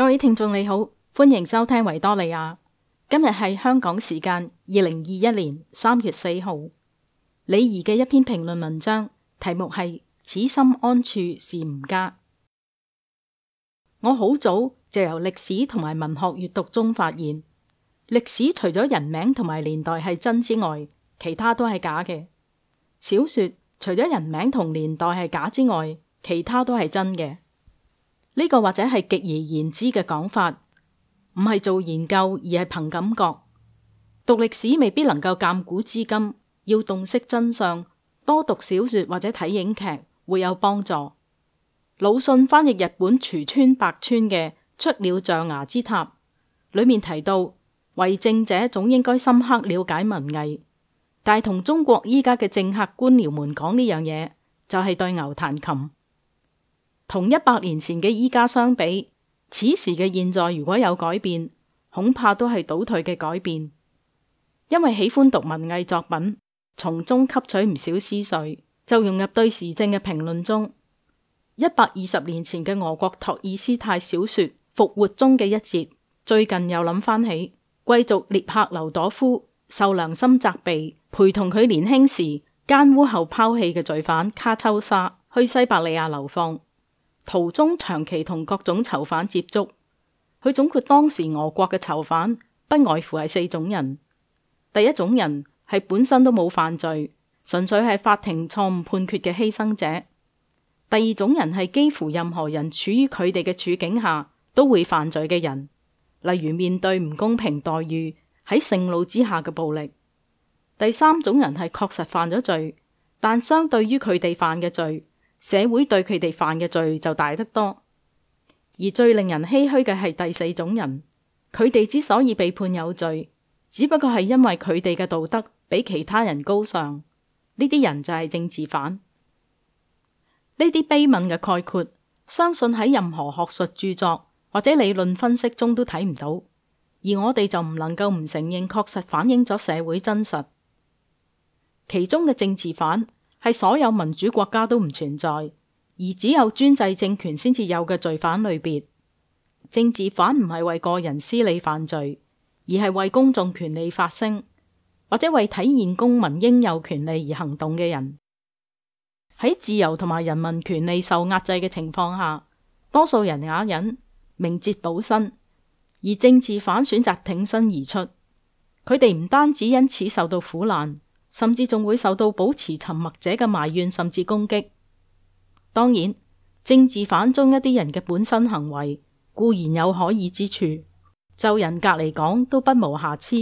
各位聽眾你好，歡迎收聽維多利亞。今日係香港時間二零二一年三月四號。李怡嘅一篇評論文章，題目係《此心安處是吾家》。我好早就由歷史同埋文學閱讀中發現，歷史除咗人名同埋年代係真之外，其他都係假嘅；小說除咗人名同年代係假之外，其他都係真嘅。呢個或者係極而言之嘅講法，唔係做研究而係憑感覺。讀歷史未必能夠鑑古知今，要洞悉真相，多讀小說或者睇影劇會有幫助。魯迅翻譯日本廚川白村嘅《出了象牙之塔》，裏面提到為政者總應該深刻了解文藝，但係同中國依家嘅政客官僚們講呢樣嘢，就係、是、對牛彈琴。同一百年前嘅依家相比，此時嘅現在如果有改變，恐怕都係倒退嘅改變。因為喜歡讀文藝作品，從中吸取唔少思緒，就融入對時政嘅評論中。一百二十年前嘅俄國托爾斯泰小說《復活》中嘅一節，最近又諗翻起貴族聶赫留朵夫受良心責備，陪同佢年輕時奸污後拋棄嘅罪犯卡秋莎去西伯利亞流放。途中長期同各種囚犯接觸，佢總括當時俄國嘅囚犯不外乎係四種人，第一種人係本身都冇犯罪，純粹係法庭錯誤判決嘅犧牲者；第二種人係幾乎任何人處於佢哋嘅處境下都會犯罪嘅人，例如面對唔公平待遇、喺盛怒之下嘅暴力；第三種人係確實犯咗罪，但相對於佢哋犯嘅罪，社會對佢哋犯嘅罪就大得多，而最令人唏嘘嘅係第四種人，佢哋之所以被判有罪，只不過係因為佢哋嘅道德比其他人高尚。呢啲人就係政治犯。呢啲悲憫嘅概括，相信喺任何學術著作或者理論分析中都睇唔到，而我哋就唔能夠唔承認，確實反映咗社會真實。其中嘅政治犯。係所有民主國家都唔存在，而只有專制政權先至有嘅罪犯類別。政治犯唔係為個人私利犯罪，而係為公眾權利發聲，或者為體現公民應有權利而行動嘅人。喺自由同埋人民權利受壓制嘅情況下，多數人啞忍、明哲保身，而政治犯選擇挺身而出。佢哋唔單止因此受到苦難。甚至仲會受到保持沉默者嘅埋怨甚至攻擊。當然，政治犯中一啲人嘅本身行為固然有可疑之處，就人格嚟講都不無瑕疵。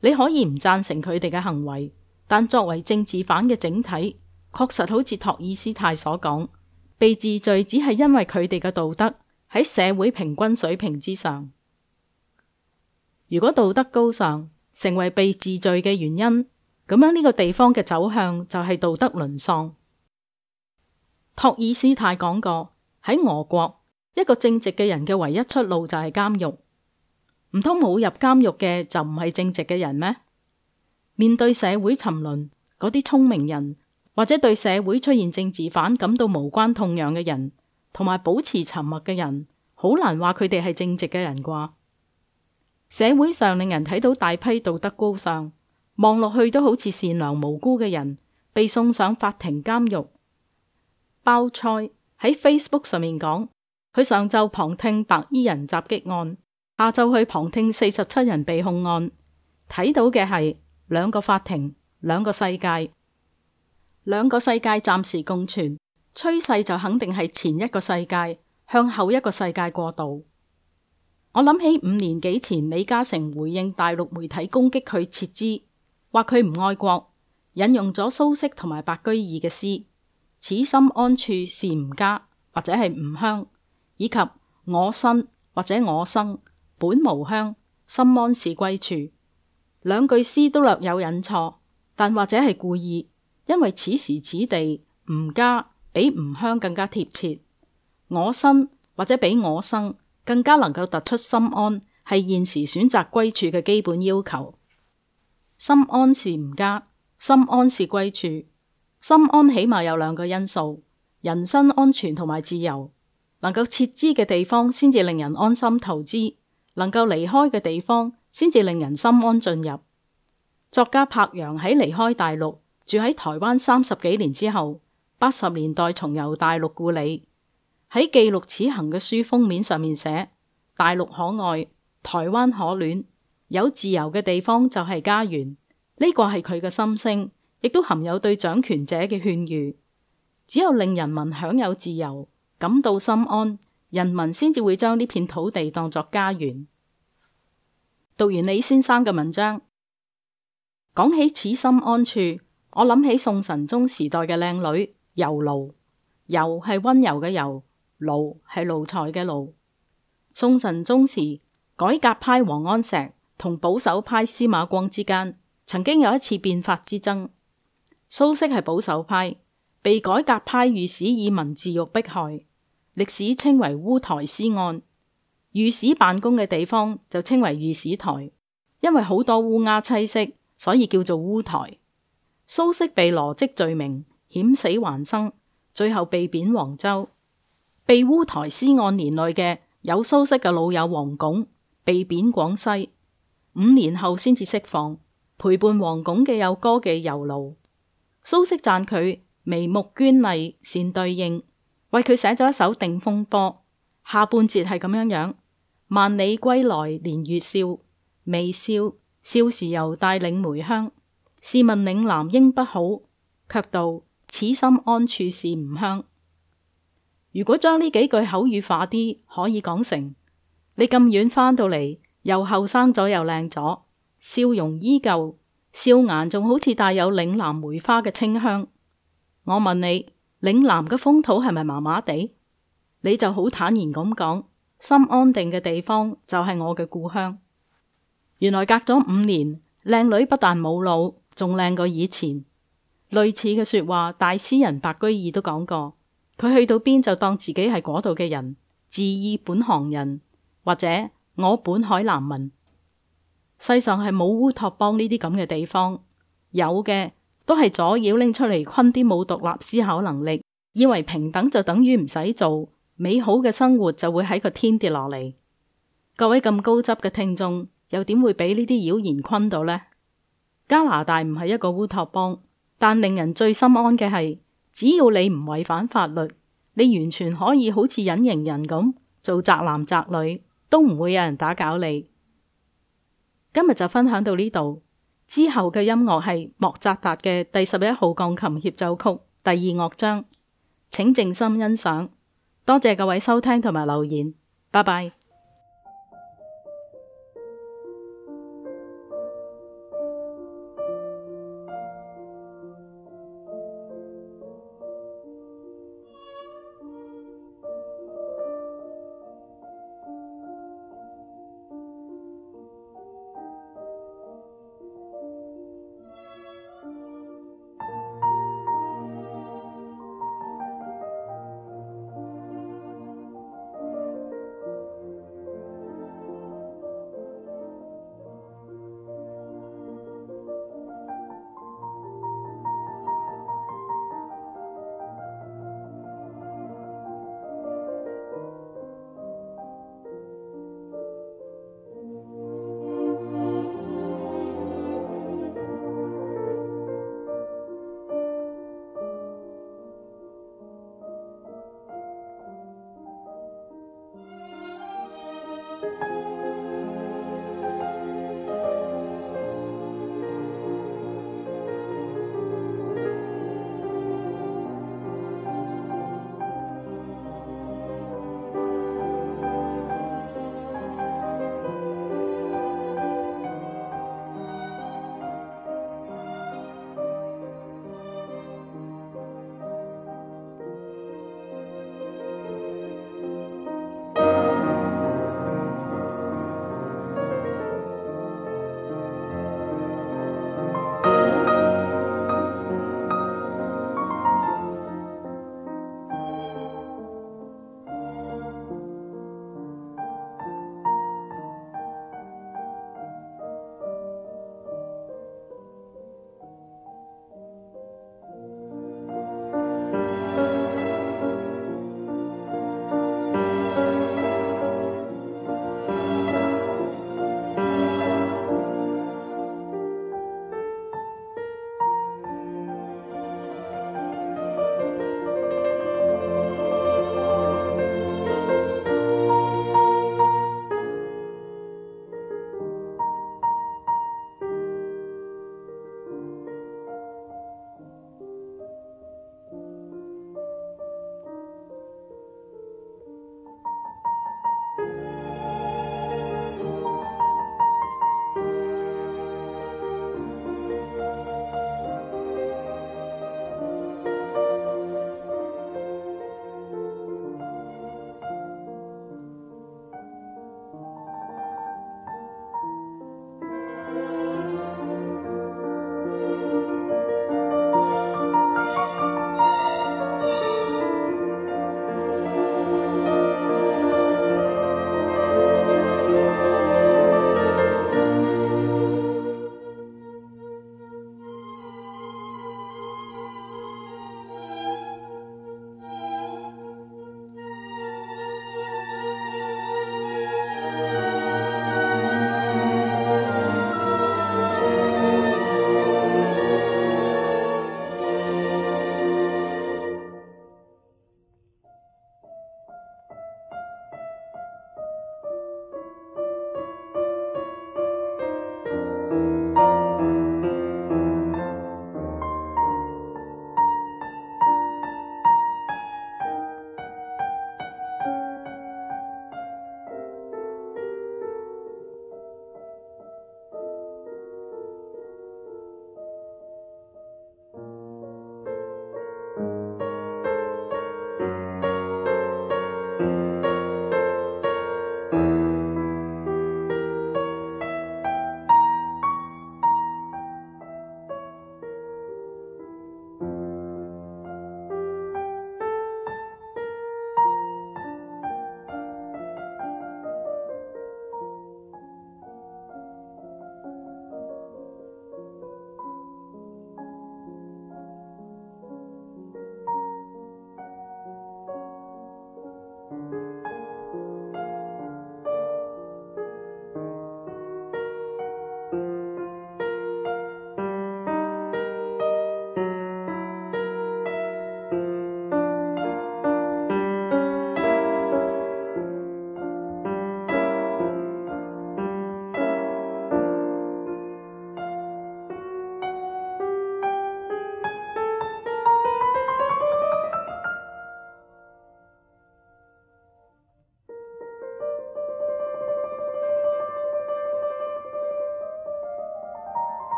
你可以唔贊成佢哋嘅行為，但作為政治犯嘅整體，確實好似托爾斯泰所講，被治罪只係因為佢哋嘅道德喺社會平均水平之上。如果道德高尚成為被治罪嘅原因，咁樣呢個地方嘅走向就係道德淪喪。托爾斯泰講過喺俄國，一個正直嘅人嘅唯一出路就係監獄。唔通冇入監獄嘅就唔係正直嘅人咩？面對社會沉淪，嗰啲聰明人或者對社會出現政治反感到無關痛癢嘅人，同埋保持沉默嘅人，好難話佢哋係正直嘅人啩？社會上令人睇到大批道德高尚，望落去都好似善良無辜嘅人被送上法庭監獄。包菜喺 Facebook 上面講，佢上晝旁聽白衣人襲擊案，下晝去旁聽四十七人被控案，睇到嘅係兩個法庭，兩個世界，兩個世界暫時共存，趨勢就肯定係前一個世界向後一個世界過渡。我諗起五年幾前李嘉誠回應大陸媒體攻擊佢撤資。話佢唔愛國，引用咗蘇軾同埋白居易嘅詩，此心安處是吾家，或者係吾鄉，以及我身或者我生本無鄉，心安是歸處。兩句詩都略有引錯，但或者係故意，因為此時此地，吾家比吾鄉更加貼切，我身或者比我生更加能夠突出心安係現時選擇歸處嘅基本要求。心安是吾家，心安是歸處。心安起碼有兩個因素：人身安全同埋自由。能夠撤資嘅地方，先至令人安心投資；能夠離開嘅地方，先至令人心安進入。作家柏楊喺離開大陸住喺台灣三十幾年之後，八十年代重遊大陸故里，喺記錄此行嘅書封面上面寫：大陸可愛，台灣可戀。有自由嘅地方就係家園，呢個係佢嘅心聲，亦都含有對掌權者嘅勸喻。只有令人民享有自由，感到心安，人民先至會將呢片土地當作家園。讀完李先生嘅文章，講起此心安處，我諗起宋神宗時代嘅靚女柔奴。柔係溫柔嘅柔，奴係奴才嘅奴。宋神宗時，改革派王安石。同保守派司馬光之間曾經有一次變法之爭。蘇軾係保守派，被改革派御史以文字獄迫害，歷史稱為烏台詩案。御史辦公嘅地方就稱為御史台，因為好多烏鴉棲息，所以叫做烏台。蘇軾被羅織罪名，險死還生，最後被貶黃州。被烏台詩案連累嘅有蘇軾嘅老友王鞏，被貶廣西。五年後先至釋放，陪伴王鞏嘅有歌嘅柔奴，蘇軾讚佢眉目娟麗善應對，為佢寫咗一首《定風波》，下半節係咁樣樣：萬里歸來顏愈少，微笑笑時又帶嶺梅香。試問嶺南應不好，卻道此心安處是吾鄉。如果將呢幾句口語化啲，可以講成：你咁遠返到嚟。又後生咗，又靚咗，笑容依舊，笑顏仲好似帶有嶺南梅花嘅清香。我問你，嶺南嘅風土係咪麻麻地？你就好坦然咁講，心安定嘅地方就係我嘅故鄉。原來隔咗五年，靚女不但冇老，仲靚過以前。類似嘅說話，大詩人白居易都講過，佢去到邊就當自己係嗰度嘅人，自意本行人或者。我本海南民，世上係冇烏托邦呢啲咁嘅地方，有嘅都係阻擾拎出嚟，困啲冇獨立思考能力，以為平等就等於唔使做，美好嘅生活就會喺個天跌落嚟。各位咁高質嘅聽眾，又點會俾呢啲妖言困到呢？加拿大唔係一個烏托邦，但令人最心安嘅係，只要你唔違反法律，你完全可以好似隱形人咁做，宅男宅女。都唔會有人打擾你。今日就分享到呢度，之後嘅音樂係莫扎特嘅第十一號鋼琴協奏曲第二樂章，請靜心欣賞。多謝各位收聽同埋留言，拜拜。